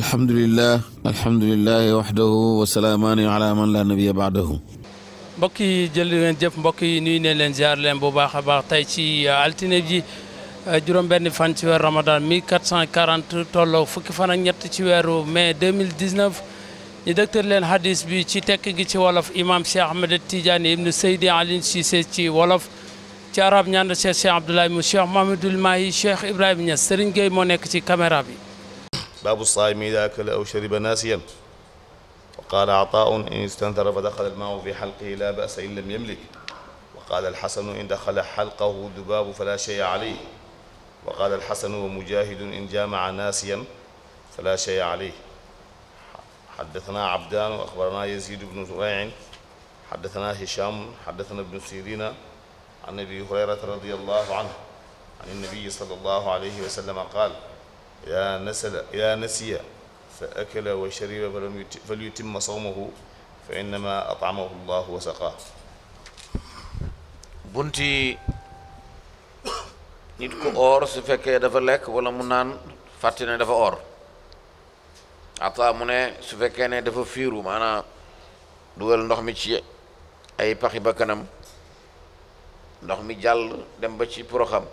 الحمد لله الحمد لله وحده وسلام على من لا نبي بعده بكي جل جف بكي نين لين لين بو باخ باخ تاي سي التيني جي رمضان 1440 تولو فك فان اك نيت سي 2019 ني لين حديث بي سي تك جي امام شيخ احمد التيجاني ابن سيدي علي سي سي سي ولف تي عبد الله شيخ محمد الماهي شيخ ابراهيم نيا سيرن جاي مو باب الصائم إذا أكل أو شرب ناسيا وقال عطاء إن استنثر فدخل الماء في حلقه لا بأس إن لم يملك وقال الحسن إن دخل حلقه ذباب فلا شيء عليه وقال الحسن ومجاهد إن جامع ناسيا فلا شيء عليه حدثنا عبدان وأخبرنا يزيد بن زريع حدثنا هشام حدثنا ابن سيرين عن أبي هريرة رضي الله عنه عن النبي صلى الله عليه وسلم قال يا نسل يا نسيا فأكل وشرب فليتم صومه فإنما أطعمه الله وسقاه بنتي نيت كو اور سي فكي دا فا ليك ولا مو نان فاتيني دا فا اور عطا مو ني سي فكي ني دا فا فيرو مانا دوال نوخ مي سي اي باخي بكنم نوخ مي جال دم با سي بروخام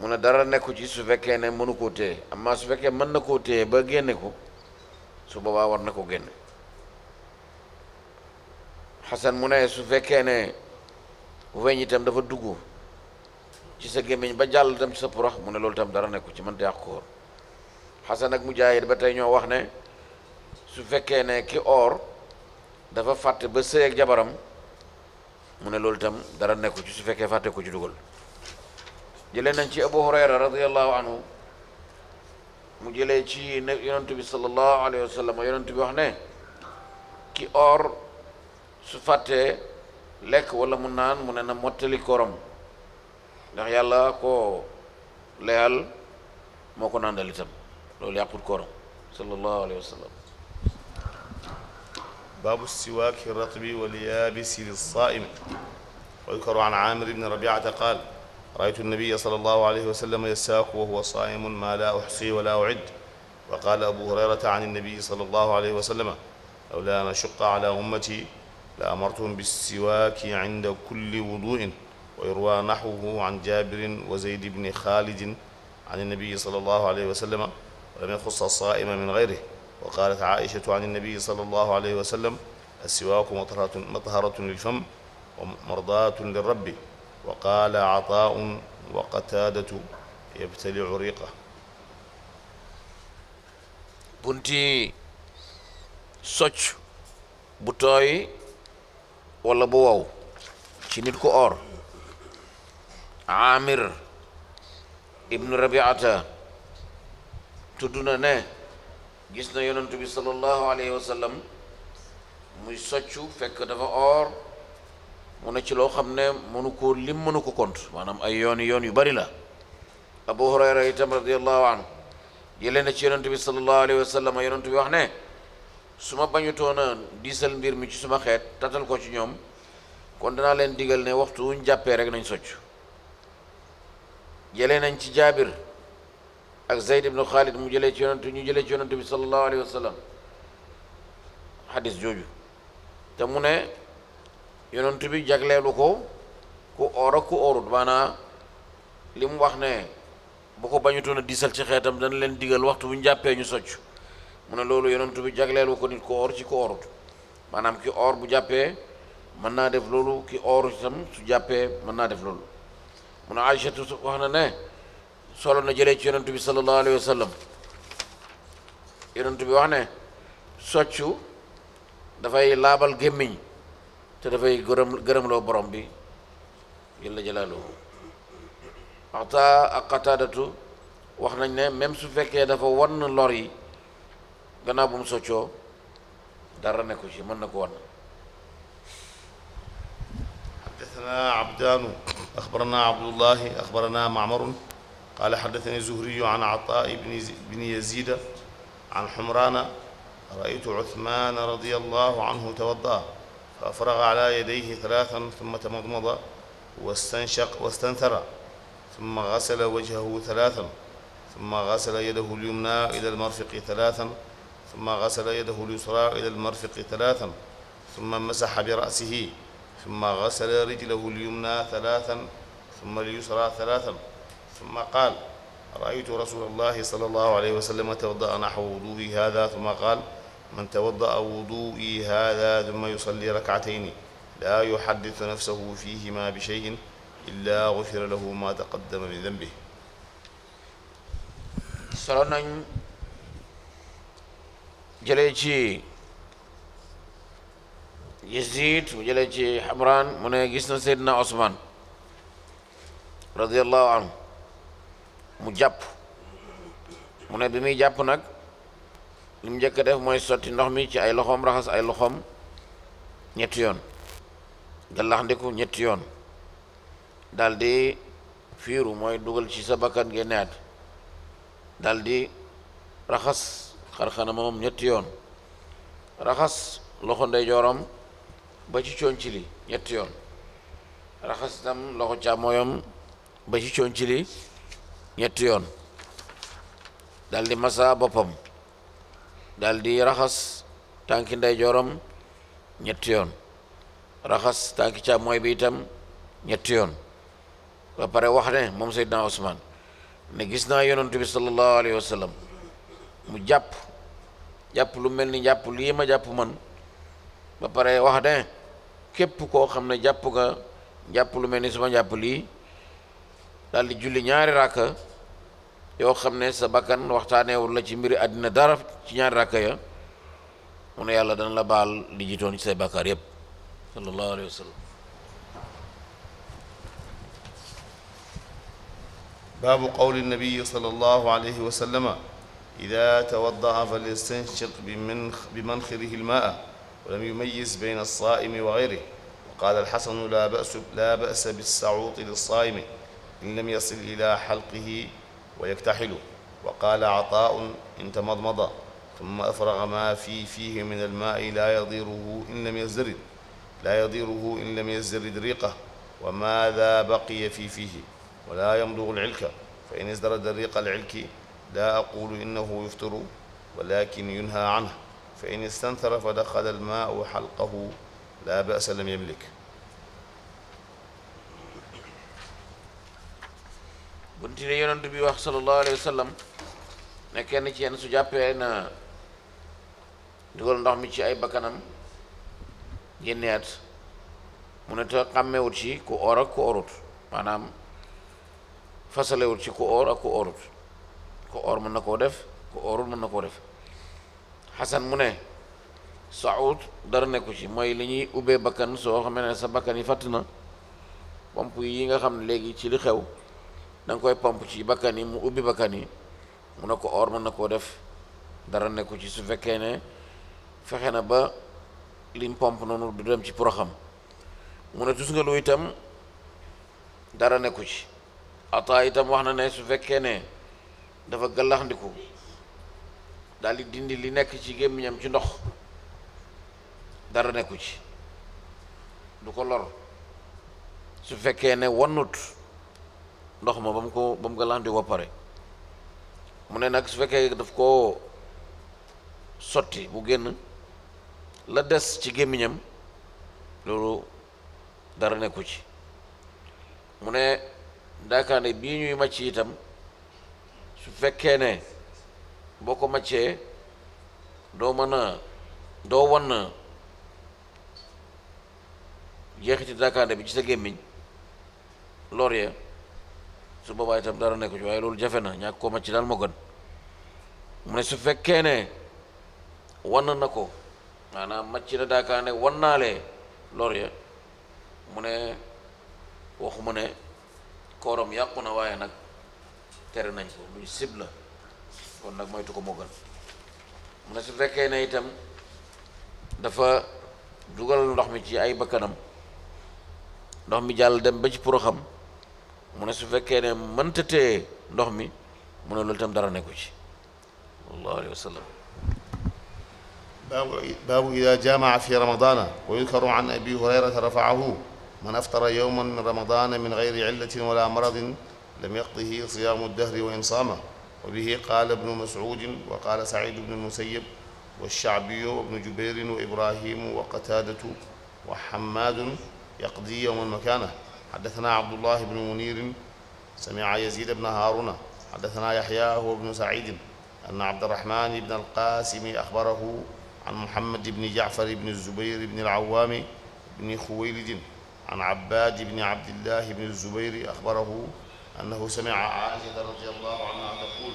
mu ne dara nekku ci su fekkee ne mënu koo téye amma su fekkee mën na koo téye ba génne ko su boobaa war na ko génne xasan mu ne su fekkee ne weñ itam dafa dugg ci sa gémmiñ ba jàll itam ci sa purax mu ne loolu tam dara nekku ci mën te yàq koor xasan ak mujaahid ba tey ñoo wax ne su fekkee ne ki or dafa fàtte ba sëy jabaram mu ne loolu itam dara nekku ci su fekkee fàtte ko ci dugal جلنا أبو هريرة رضي الله عنه مجلي شيء ينتبه صلى الله عليه وسلم ينتبه هنا كي أور سفاتة لك ولا منان من أنا متلي كرم نحيا الله كو ليال ما كنا ندلتم لو ليأكل كرم صلى الله عليه وسلم باب السواك الرطب واليابس للصائم واذكر عن عامر بن ربيعة قال رأيت النبي صلى الله عليه وسلم يساق وهو صائم ما لا أحصي ولا أعد وقال أبو هريرة عن النبي صلى الله عليه وسلم لولا أن أشق على أمتي لأمرتهم بالسواك عند كل وضوء ويروى نحوه عن جابر وزيد بن خالد عن النبي صلى الله عليه وسلم ولم يخص الصائم من غيره وقالت عائشة عن النبي صلى الله عليه وسلم السواك مطهرة, مطهرة للفم ومرضاة للرب وقال عطاء وقتادة يبتلع ريقه بنتي سوتش بطاي ولا بوو شي نيتكو اور عامر ابن ربيعه تدونا نه جسنا يونان تبي صلى الله عليه وسلم مي سوتشو فك دا اور mu ne ci loo xam ne mënu ko lim mënu ko compte maanaam ay yoon yoon yu bari la abu hurayra itam radiallahu anhu jëlee ci yonent bi sallallahu alayhi wa sallam yonent bi wax Suma su ma bañutoon a mbir mi ci suma xeet tatal ko ci ñoom kon danaa leen digal ne waxtu wuñ jàppee rek nañ socc jëlee nañ ci jaabir ak zeyd ibnu xaalid mu jëlee ci yonent ñu jëlee ci yonent bi sallallahu alayhi wa sallam xadis jooju te mu ne yonent bi jagleelu ko ku oor ak ku oorut maanaam li mu wax ne bu ko bañutoon a diisal ci xeetam dana leen digal waxtu bu ñu jàppee ñu socc mu ne loolu yonent bi jagleelu ko nit ku oor ci ku oorut maanaam ki oor bu jàppee mën naa def loolu ki oor itam su jàppee mën naa def loolu mu ne Aïchatu wax na ne solo na jëlee ci yonent bi sallallahu alayhi wa sallam yonent bi wax ne soccu dafay laabal gémmiñ تدفعي غرم غرم لو برمبي يلا جلاله حتى أقتادة تو وحنا نه مم سفك يا دفع ون لوري غنا بوم دارنا كوشي من نكون حدثنا عبدان أخبرنا عبد الله أخبرنا معمر قال حدثني زهري عن عطاء بن بن يزيد عن حمران رأيت عثمان رضي الله عنه توضأ فأفرغ على يديه ثلاثا ثم تمضمض واستنشق واستنثر ثم غسل وجهه ثلاثا ثم غسل يده اليمنى إلى المرفق ثلاثا ثم غسل يده اليسرى إلى المرفق ثلاثا ثم مسح برأسه ثم غسل رجله اليمنى ثلاثا ثم اليسرى ثلاثا ثم قال رأيت رسول الله صلى الله عليه وسلم توضأ نحو وضوءه هذا ثم قال من توضأ وضوئي هذا ثم يصلي ركعتين لا يحدث نفسه فيهما بشيء إلا غفر له ما تقدم من ذنبه سرنا جليجي يزيد وجليجي حمران من يجسنا سيدنا عثمان رضي الله عنه مجاب من يبمي جاب نك li mu njëkk a def mooy sotti ndox mi ci ay loxoom raxas ay loxoom ñetti yoon gàllax ndiku yoon daldi firu mooy dugal ci sa bakkan génnaat daldi raxas xarxana moom ñetti yoon raxas loxo ndeyjooram ba ci conci li yoon raxas itam loxo càmmooyam ba ci conci yoon daldi masa boppam daal di raxas tànki ndeyjooram ñetti yoon raxas tànki moy bi itam ñetti yoon ba pare wax ne moom Seydina Ousmane ne gis naa yonantu bi sallallahu alayhi wa mu jàpp jàpp lu mel ni jàpp lii ma jàpp man ba pare wax ne képp koo xam ne jàpp nga jàpp lu mel ni suma jàpp lii daal di julli ñaari ràkka yo xamne sa bakan waxtane wul la ci mbiri adina dara ci ñaan rakka ya mu ne yalla dañ la bal باب قول النبي صلى الله عليه وسلم إذا توضأ فليستنشق بمنخره الماء ولم يميز بين الصائم وغيره وقال الحسن لا بأس, لا بأس بالسعوط للصائم إن لم يصل إلى حلقه ويكتحل وقال عطاء إن تمضمض ثم أفرغ ما في فيه من الماء لا يضيره إن لم يزدرد لا يضيره إن لم يزدرد ريقه وماذا بقي في فيه ولا يمضغ العلك فإن ازدرد ريق العلك لا أقول إنه يفطر ولكن ينهى عنه فإن استنثر فدخل الماء حلقه لا بأس لم يملك dina yonent bi wax sallallahu alayhi wa sallam ne kenn ci yenn su jàppee na dugal ndox mi ci ay bakanam génneet mu ne te xàmmewut ci ku oor ak ku orut maanaam fasalewut ci ku oor ak ku orut ku oor mën na def ku oorut mën na koo def xasan mu ne saud dara nekku ci mooy li ñuy ubbee bakkan soo xamee ne sa bakkan yi fàtt pompe yi nga xam ne ci li xew da nga koy pomp ci bakkan yi mu ubbi bakkan yi mu ne ko or mën na koo def dara nekku ci su fekkee ne fexe na ba lim pomp noonu du dem ci poroxam mu ne tus nga itam dara nekku ci ataa itam wax na ne su fekkee ne dafa gallaxndiku daal di dindi li nekk ci gémmiñam ci ndox dara nekku ci du ko lor su fekkee ne wannut ndox ma ba mu ko ba mu ko landi pare mu ne nag su fekkee daf koo sotti bu génn la des ci gémmiñam loolu dara nekku ci mu ne daakaande bi ñuy màcc itam su fekkee ne boo ko màccee doo mën a doo wan jeexiti daakaande bi ci sa gémmiñ lor ya su boobaa itam dara nekku ci waaye loolu jafe na ñàkk koo màcc daal moo mu ne su fekkee ne wan na ko maanaam màcc na daakaa ne wan naalee lor ya mu ne waxu mu ne kooram yàqu na waaye nag tere nañ ko luy sib la kon nag moytu ko moo gën mu ne su fekkee ne itam dafa dugal ndox mi ci ay bakkanam ndox mi jàll dem ba ci pour xam mu ne su fekkee ne mënta téye ndox mi mu ne tam dara nekku ci wallahu wa sallam باب إذا جامع في رمضان ويذكر عن أبي هريرة رفعه من أفطر يوما من رمضان من غير علة ولا مرض لم يقضه صيام الدهر وإن صامه وبه قال ابن مسعود وقال سعيد بن المسيب والشعبي وابن جبير وإبراهيم وقتادة وحماد يقضي يوما مكانه حدثنا عبد الله بن منير سمع يزيد بن هارون حدثنا يحيى هو بن سعيد أن عبد الرحمن بن القاسم أخبره عن محمد بن جعفر بن الزبير بن العوام بن خويلد عن عباد بن عبد الله بن الزبير أخبره أنه سمع عائشة رضي الله عنها تقول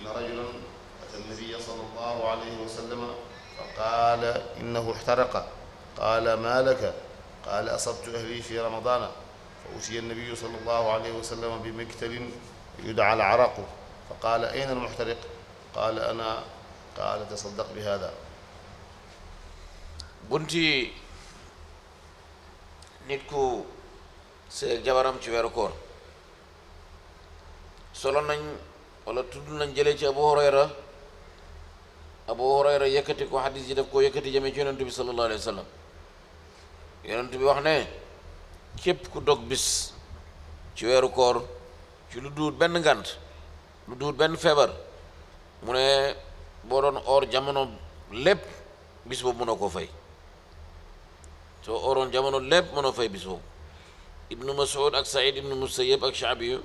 إن رجلا أتى النبي صلى الله عليه وسلم فقال إنه احترق قال ما لك قال أصبت أهلي في رمضان فأوشي النبي صلى الله عليه وسلم بمقتل يدعى العرقه فقال أين المحترق قال أنا قال تصدق بهذا بنتي نتكو سير جبرم تبيركور سولن نن ولا تدن نن جلي أبو هريرة أبو هريرة يكتك وحديث جدف كو يكتك جميع جنان صلى الله عليه وسلم يرن تبي وحنه képp ku dog bis ci weeru koor ci lu duut benn ngant lu duut benn feebar mu ne boo doon or jamono lépp bis boobu mënoo koo fay soo oroon jamono lépp mënoo fay bis boobu ibnu Mas'ud ak Saïd ibnu Musayyib ak Shaabi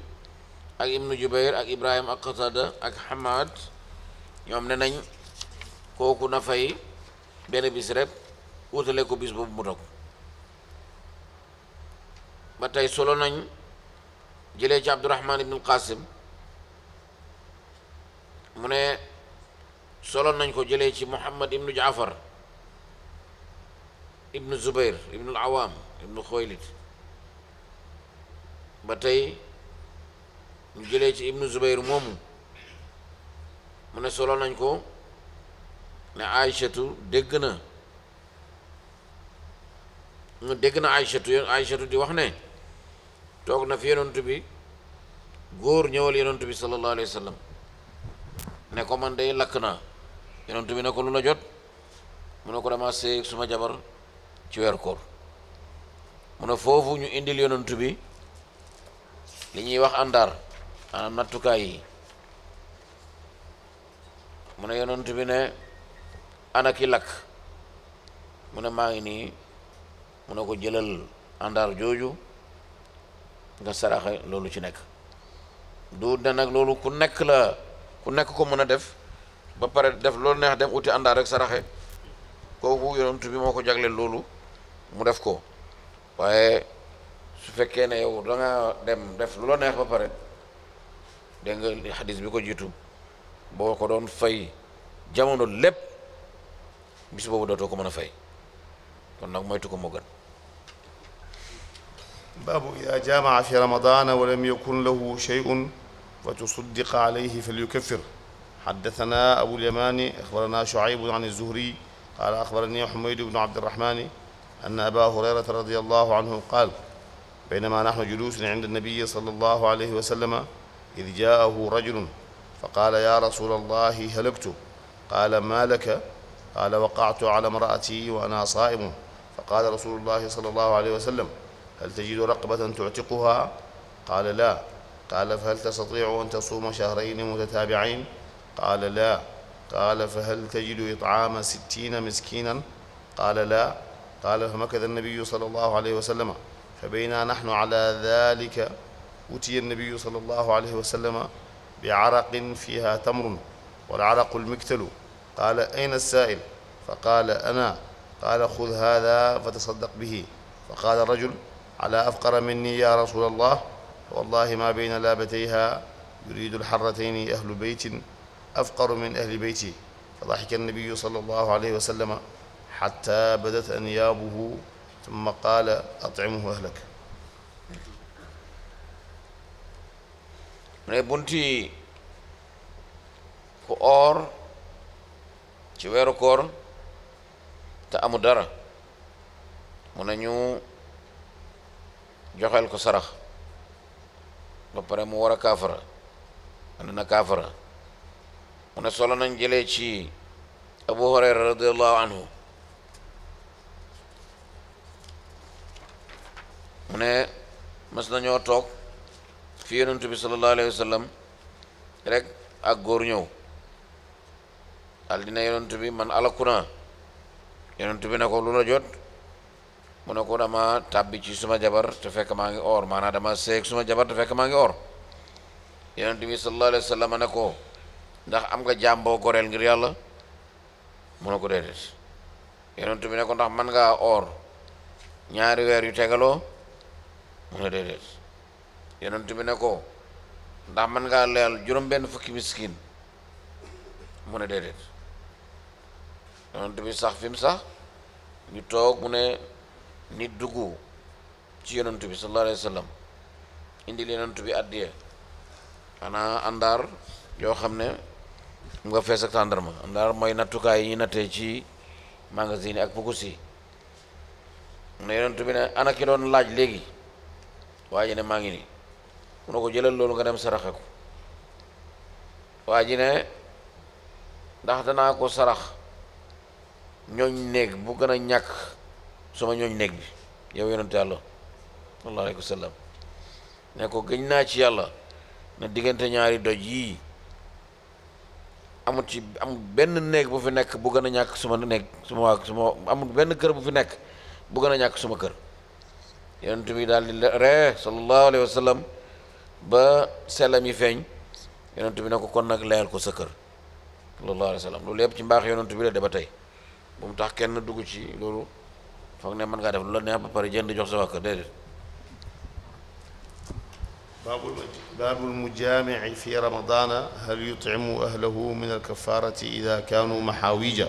ak ibnu Jubayr ak Ibrahim ak Qatada ak Hamad ñoom ne nañ kooku na fay benn bis rek wutale ko bis boobu mu dog ba tey solo nañ jëlee ci abdurahman ibnul qasim mu ne solo nañ ko jëlee ci muhammad ibnu jaafar ibnu zubair ibnul awaam ibnu xoylit ba tey ñu jëlee ci ibnu zubair moomu mu ne solo nañ ko ne aïchatu dégg na mu dégg na aïchatu aïchatu di wax ne toog na fi yonent bi góor ñëwal yonent bi sallallahu alayhi ne ko man day lakk naa yonent bi ne ko lu la jot mu ne ko dama séy suma jabar ci weer koor mu ne foofu ñu indil yonent bi li ñuy wax àndaar maanaam nattukaay yi mu ne yonent bi ne ana ki lakk mu ne maa ngi nii mu ne ko jëlal àndaar jooju nga saraxe loolu ci nekk du da nag loolu ku nekk la ku nekk ko mën a def ba pare def loolu neex dem uti àndaa rek saraxe kooku yonent bi moo ko jagleel loolu mu def ko waaye su fekkee ne yow da dem def lu la neex ba pare dégg nga bi ko jiitu boo ko doon fay jamono lépp bis boobu dootoo ko mën a fay kon nag moytu ko moo باب إذا جامع في رمضان ولم يكن له شيء فتصدق عليه فليكفر حدثنا أبو اليمان أخبرنا شعيب عن الزهري قال أخبرني حميد بن عبد الرحمن أن أبا هريرة رضي الله عنه قال بينما نحن جلوس عند النبي صلى الله عليه وسلم إذ جاءه رجل فقال يا رسول الله هلكت قال ما لك قال وقعت على امرأتي وأنا صائم فقال رسول الله صلى الله عليه وسلم هل تجد رقبة تعتقها قال لا قال فهل تستطيع أن تصوم شهرين متتابعين قال لا قال فهل تجد إطعام ستين مسكينا قال لا قال فمكث النبي صلى الله عليه وسلم فبينا نحن على ذلك أتي النبي صلى الله عليه وسلم بعرق فيها تمر والعرق المكتل قال أين السائل فقال أنا قال خذ هذا فتصدق به فقال الرجل على أفقر مني يا رسول الله والله ما بين لابتيها يريد الحرتين أهل بيت أفقر من أهل بيتي فضحك النبي صلى الله عليه وسلم حتى بدت أنيابه ثم قال أطعمه أهلك মানে বোনটি or cewek rokor tak دارا menanyu joxeel ko sarax ba pare mu war a kaafara and na kaafara mu ne solo nañ jëlee ci abu hurayra radiallahu anhu mu ne mas nañoo toog fi yonent bi sallallahu alayhi wa rek ak góor ñëw daal dina yonent bi man alaku naa yonent bi na ko lu la mono ko dama tabbi ci suma jabar te fekk or ngi or maanaa dama seeg suma jabar te fekk maa ngi or yonent bi sallallahu alayhi wa sallam ne ko ndax am nga jambo boo goreel ngir yàlla mu ne ko déedéet yonent bi ne ndax man ngaa or ñaari weer yu tegaloo mu ne déedéet yonent bi ne ko ndax man ngaa leel juróom benn fukki miskin mu ne déedéet yonent bi sax fi mu sax ñu toog mu ne nit dugg ci yonantu bi sallallahu alayhi wa sallam indil yonantu bi addiya xanaa àndaar yoo xam ne nga fees ak tàndarma àndaar mooy nattukaay yi ñu nattee ci magasin ak pukus yi ne yonantu bi ne ana doon laaj léegi waa ji ne maa ngi nii mu ne ko jëlal loolu nga dem saraxe ko waa ji ne ndax danaa ko sarax ñooñ néeg bu gën a ñàkk sama ñooñ néeg bi yow yonent yàlla sallallahu alayhi wa sallam ne ko gëñ naa ci yàlla ne diggante ñaari doj yii amut ci amul benn néeg bu fi nekk bu na ñàkk suma néeg suma waa suma amul benn kër bu fi nekk bu na ñàkk suma kër yonent bi daal di ree sallallahu alayhi wa sallam ba sellam yi feeñ yonent bi ne ko kon nag leeral ko sa kër sallallahu alayhi wa sallam loolu yëpp ci mbaax yonent bi la de ba tey bu mu tax kenn dugg ci loolu fokk ne man nga def lo ne ba pare jënd jox sa wakka dedet babul babul mujami'i fi ramadan hal yut'imu ahlihi min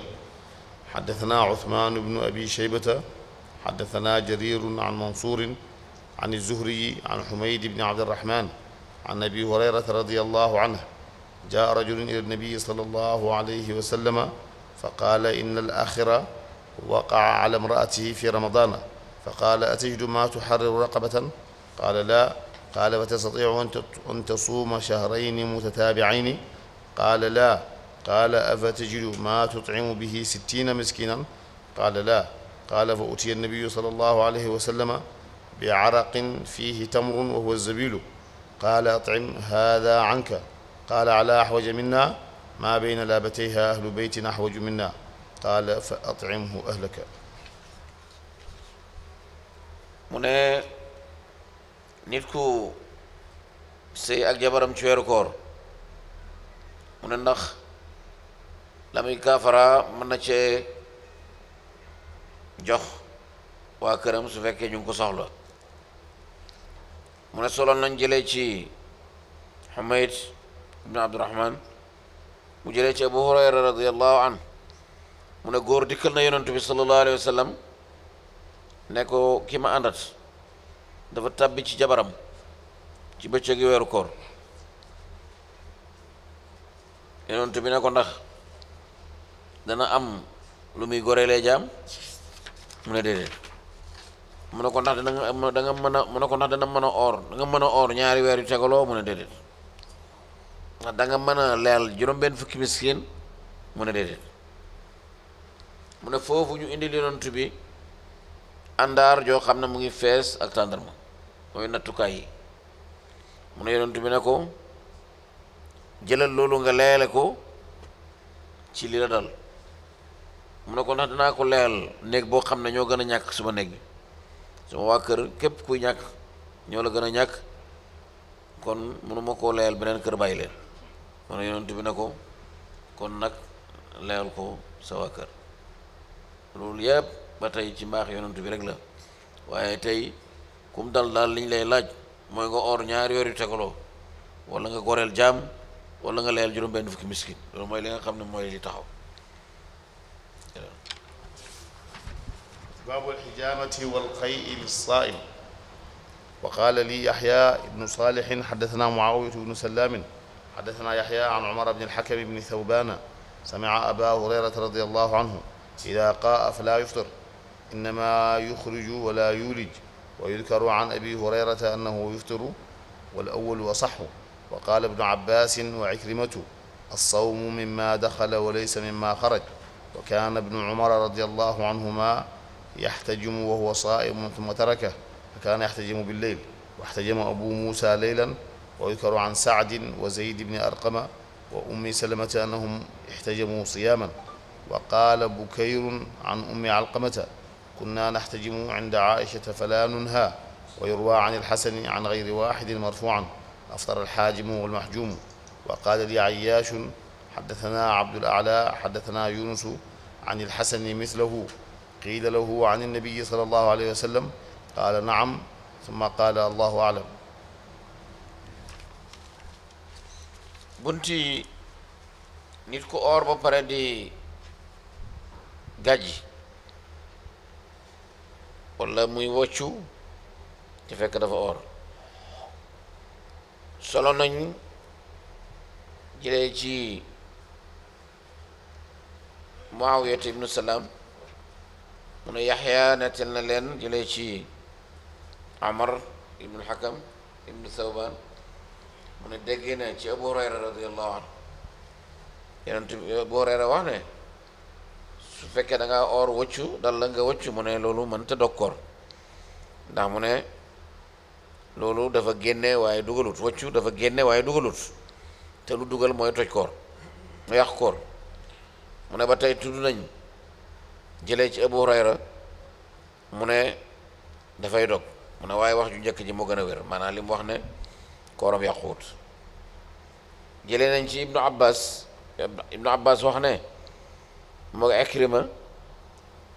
حدثنا عثمان بن ابي شيبه حدثنا جرير عن منصور عن الزهري عن حميد بن عبد الرحمن عن ابي هريره رضي الله عنه جاء رجل الى النبي صلى الله عليه وسلم فقال ان الاخره وقع على امرأته في رمضان فقال أتجد ما تحرر رقبة قال لا قال وتستطيع أن تصوم شهرين متتابعين قال لا قال أفتجد ما تطعم به ستين مسكينا قال لا قال فأتي النبي صلى الله عليه وسلم بعرق فيه تمر وهو الزبيل قال أطعم هذا عنك قال على أحوج منا ما بين لابتيها أهل بيت أحوج منا قال فأطعمه أهلك من نيركو سي أجبرم شويركور من النخ لم يكافر من نشي جوخ وكرم سفكي جنكو صحلو من عليه وسلم حميد بن عبد الرحمن وجلت أبو هريرة رضي الله عنه mu ne góor dikkal na yonentu bi sallallahu alayhi sallam ne ko kii ma àndat dafa tàbbi ci jabaram ci bëccëgi weeru koor yonentu bi ne ko ndax dana am lu muy goreelee jaam mu ne déedéet mu ne ko ndax dana da nga mën a mu ndax dana mën a or da nga mën a or ñaari weer yu tegaloo mu ne déedéet ndax da mën a leel juróom-benn fukki miskin mu ne déedéet mu ne foofu ñu indi yonent bi àndaar joo xam ne mu ngi fees ak tàndarma mooy nattukaay yi mu ne yonent bi ne ko jëlal loolu nga leele ko ci li la dal mu ne ko ndax dinaa ko leel néeg boo xam ne ñoo gën a ñàkk suma néeg bi suma waa kër képp kuy ñàkk ñoo la gën a ñàkk kon mënuma koo leyal beneen kër bàyyi leen mu ne yonent bi ne ko kon nag leyal ko sa waa kër loolu yëpp ba tey ci mbaax yonent bi rek la waaye tey kum dal daal liñ lay laaj mooy nga or ñaari weer yu tegaloo wala nga goreel jaam wala nga layal juróom benn fukki miskin loolu mooy li nga xam ne mooy li taxaw باب الحجامة والقيء للصائم وقال لي يحيى بن صالح حدثنا معاوية بن سلام حدثنا يحيى عن عمر بن الحكم بن ثوبان سمع أبا هريرة رضي الله عنه إذا قاء فلا يفطر إنما يخرج ولا يولج ويذكر عن أبي هريرة أنه يفطر والأول أصح وقال ابن عباس وعكرمة الصوم مما دخل وليس مما خرج وكان ابن عمر رضي الله عنهما يحتجم وهو صائم ثم تركه فكان يحتجم بالليل واحتجم أبو موسى ليلا ويذكر عن سعد وزيد بن أرقم وأم سلمة أنهم احتجموا صياما وقال بكير عن أم علقمة كنا نحتجم عند عائشة فلا ننهى ويروى عن الحسن عن غير واحد مرفوعا أفطر الحاجم والمحجوم وقال لي عياش حدثنا عبد الأعلى حدثنا يونس عن الحسن مثله قيل له عن النبي صلى الله عليه وسلم قال نعم ثم قال الله أعلم بنتي nit ku or gàjji walla muy woccu ci fekk dafa or solo nañ jëlee ci muawiyat ibnu salaam mu ne yaxya nettal na leen jëlee ci amar ibnu xakam ibnu sawbaan mu ne déggee na ci abu hurayra radiallahu anhu yenentu abu hurayra wax ne su fekkee da ngaa oor wëccu dal la nga wëccu mu ne loolu mënta dog koor ndax mu ne loolu dafa génne waaye dugalut wëccu dafa génne waaye dugalut te lu dugal mooy toj koor mu yàq mu ne ba tey tudd nañ jëlee ci Abu Hurayra mu ne dafay dog mu ne waaye wax ju njëkk ji moo gën a wér maanaam li mu wax ne kooram yàquwut jëlee nañ ci Ibnu Abbas Ibnu Abbas wax ne moo Ikrima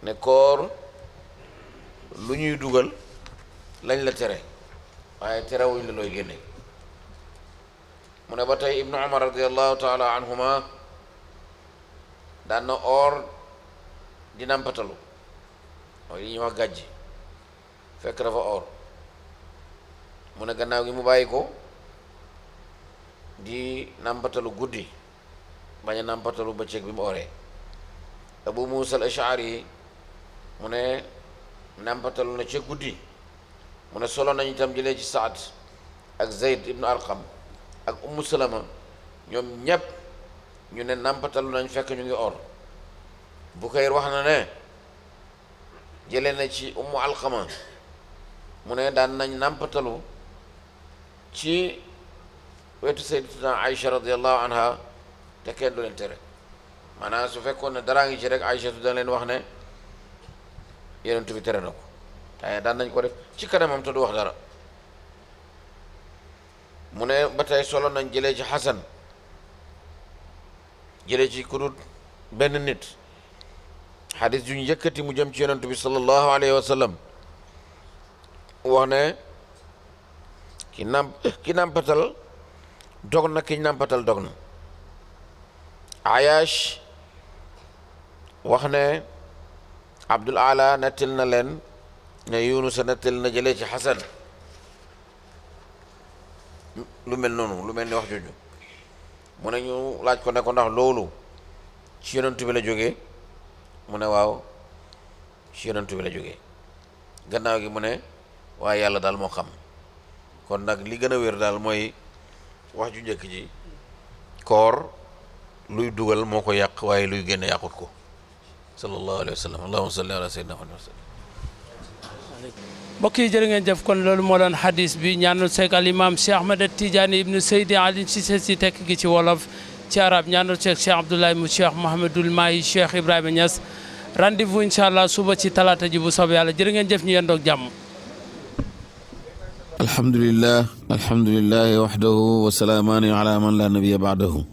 ne koor lu ñuy dugal lañ la tere waaye terewuñ la looy génne mu ne ba tey ibnu umar radiallahu taala anhuma daan na oor di nampatalu mooy li ñuy wax gàjj fekk dafa oor mu ne gannaaw gi mu bàyyi ko di nàmpatalu guddi bañ a ba bëccëg bi mu ooree abu muusa al ashari mu ne nàmpatalu na ca guddi mu ne solo nañu itam jëlee ci saad ak zeyd ibnu arqam ak ummu salama ñoom ñépp ñu ne nàmpatalu nañ fekk ñu ngi or bukayr wax na ne jëlee na ci ummu alqama mu ne daan nañ nàmpatalu ci wetu sayyidatuna aïcha radiallahu anha te kenn du leen tere maanaam su fekkoon ne daraa ngi ci rek Aysatu dana leen wax ne yenentu bi tere na ko tey nañ ko def ci kanamam te wax dara mu ne ba tey solo nañ jëlee ci Xasan jëlee ci kudut benn nit xadis yu ñu yëkkati mu jëm ci yonent bi sallallahu alayhi wa sallam ki nam ki nampatal dog na ki nampatal dog na wax ne abdul ala nettil na leen ne yunus a nettil na jëlee ci xasan lu mel noonu lu mel ni wax joju mu ne ñu laaj ko ne ko ndax loolu ci yonentu bi la jóge mu ne waaw ci yonentu bi la jóge gannaaw gi mu ne waaye yàlla daal moo xam kon nag li gën a wér daal mooy wax ju njëkk ji koor luy dugal moo ko yàq waaye luy génn yàqut ko sallallahu alayhi wa sallam allahumma salli ala sayyidina Muhammad wa sallam mbokk yi jërë ngeen jëf kon loolu moo doon hadis bi ñaanul Cheikh al imam Cheikh Ahmed Tidiane ibnu Seydi Ali Cissé si tekk gi ci wolof ci arab ñaanul Cheikh Cheikh Abdoulaye mu Cheikh Mouhamadoul Mahi Cheikh Ibrahima Niass rendez-vous incha allah suba ci talaata ji bu soobee yàlla jërë ngeen jëf ñu yendoog jàmm alhamdulillah alhamdulillah wahdahu wa salaamaani ala man la nabiya baadahu